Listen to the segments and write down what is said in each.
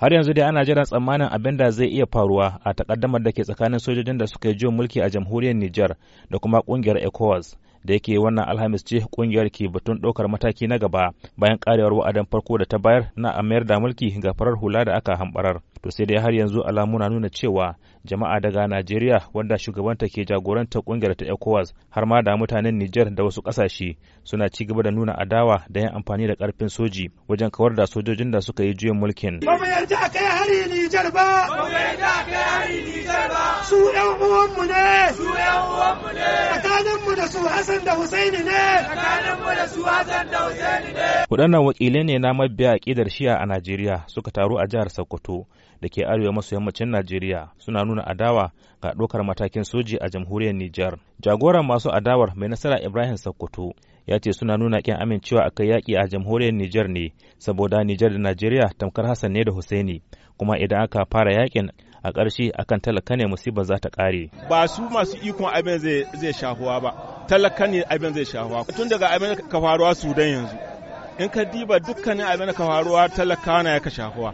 har yanzu dai ana jiran tsammanin abin da zai iya faruwa a takaddamar da ke tsakanin sojojin da suka yi mulki a jamhuriyar Nijar da kuma kungiyar ECOWAS da yake wannan alhamis ce kungiyar ke batun ɗaukar mataki na gaba bayan karewar wa'adin farko da ta bayar na a mayar da mulki ga farar hula da aka hambarar to sai dai har yanzu alamu na nuna cewa jama'a daga najeriya wanda shugabanta ke jagoranta kungiyar ta ecowas har ma da mutanen niger da wasu ƙasashe suna ci gaba da nuna adawa da yin amfani da karfin soji wajen kawar da sojojin da suka yi juyin mulkin. Ba mu a kai hari Nijar ba! su ƴan uwanmu ne su ƴan uwanmu ne tsakaninmu da su Hassan da Husaini ne tsakaninmu da su Hassan da Husaini ne waɗannan wakilai ne na mabiya aƙidar Shi'a a Najeriya suka taru a jihar Sokoto da ke arewa maso yammacin Najeriya suna nuna adawa ga ɗaukar matakin soji a jamhuriyar Nijar jagoran masu adawar mai nasara Ibrahim Sokoto ya ce suna nuna ƙin amincewa a kai yaƙi a jamhuriyar Nijar ne saboda Nijar da Najeriya tamkar Hassan ne da Husaini kuma idan aka fara yaƙin a ƙarshe akan talaka ne musibar za ta ƙare ba su masu ikon abin zai shahuwa ba talaka ne abin zai shahuwa tun daga abin ka faruwa sudan yanzu in ka diba dukkanin abin da ka faruwa talaka na ya ka shahuwa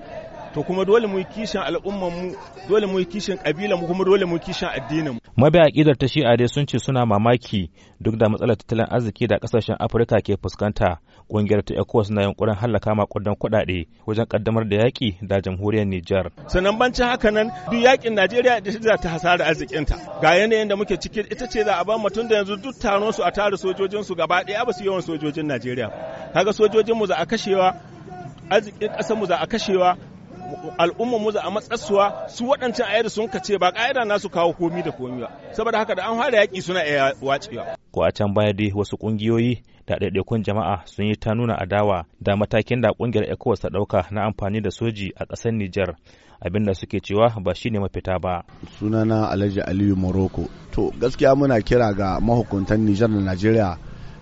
to kuma dole mu yi kishin al'umman mu dole mu yi kishin kabilar mu kuma dole mu yi kishin addinin mu mabiya akidar ta shi'a dai sun ce suna mamaki duk da matsalar tattalin arziki da kasashen afirka ke fuskanta kungiyar ta ECOWAS na yunkurin hallaka makudan kuɗaɗe wajen kaddamar da yaki da jamhuriyar Nijar. Sannan bancin haka nan duk yaƙin Najeriya da shi ta hasara arzikinta. Ga yanayin da muke ciki ita ce za a bar mutum da yanzu duk taron su a tare sojojin su gaba ɗaya ba su yawan sojojin Najeriya. Kaga sojojin mu za a kashewa arzikin ƙasar mu za a kashewa al'umma mu a matsatsuwa su waɗancan ayyar sun kace ba ƙa'ida na su kawo komi da komi ba saboda haka da an fara yaƙi suna iya wacewa. ko a can baya dai wasu ƙungiyoyi da ɗaiɗaikun jama'a sun yi ta nuna adawa da matakin da ƙungiyar ecowas ta ɗauka na amfani da soji a ƙasar niger abin da suke cewa ba shi ne mafita ba. sunana alhaji aliyu morocco to gaskiya muna kira ga mahukuntan niger da najeriya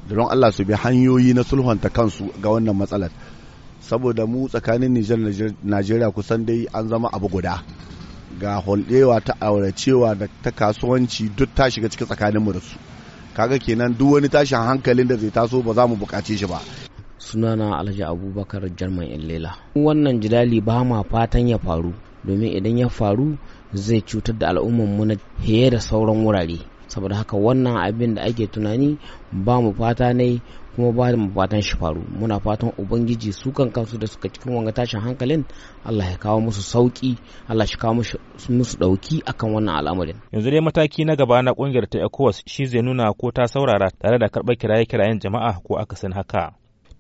da don allah su bi hanyoyi na sulhunta kansu ga wannan matsalar saboda mu tsakanin Nijar Najeriya kusan dai an zama abu guda ga holdewa ta auracewa da ta kasuwanci duk ta shiga cikin mu da su kaga kenan duk wani tashin hankalin da zai taso ba za mu bukace shi ba sunana alhaji abubakar jarman illela wannan jidali ba ma fatan ya faru domin idan ya faru zai cutar da al'ummar mu na da sauran wurare saboda haka wannan abin da ake tunani ba mu fata ne kuma ba mu fatan shi faru muna fatan ubangiji su kan kansu da suka cikin wanga tashin hankalin Allah ya kawo musu sauki Allah shi kawo musu dauki akan wannan al'amarin yanzu dai mataki na gaba na kungiyar ta ECOWAS shi zai nuna ko ta saurara tare da karɓar kiraye-kirayen jama'a ko akasin haka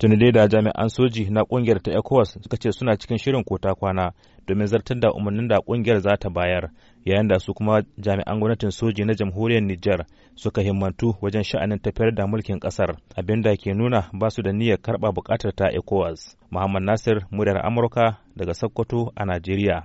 tuni da jami'an soji na kungiyar ta ecowas suka ce suna cikin shirin kota kwana domin zartar da umarnin da kungiyar za ta bayar yayin da su kuma jami'an gwamnatin soji na jamhuriyar niger suka himmantu wajen sha'anin tafiyar da mulkin kasar abinda ke nuna ba su da niyyar karba bukatar ta ecowas muhammad nasir muryar amurka daga sokoto a najeriya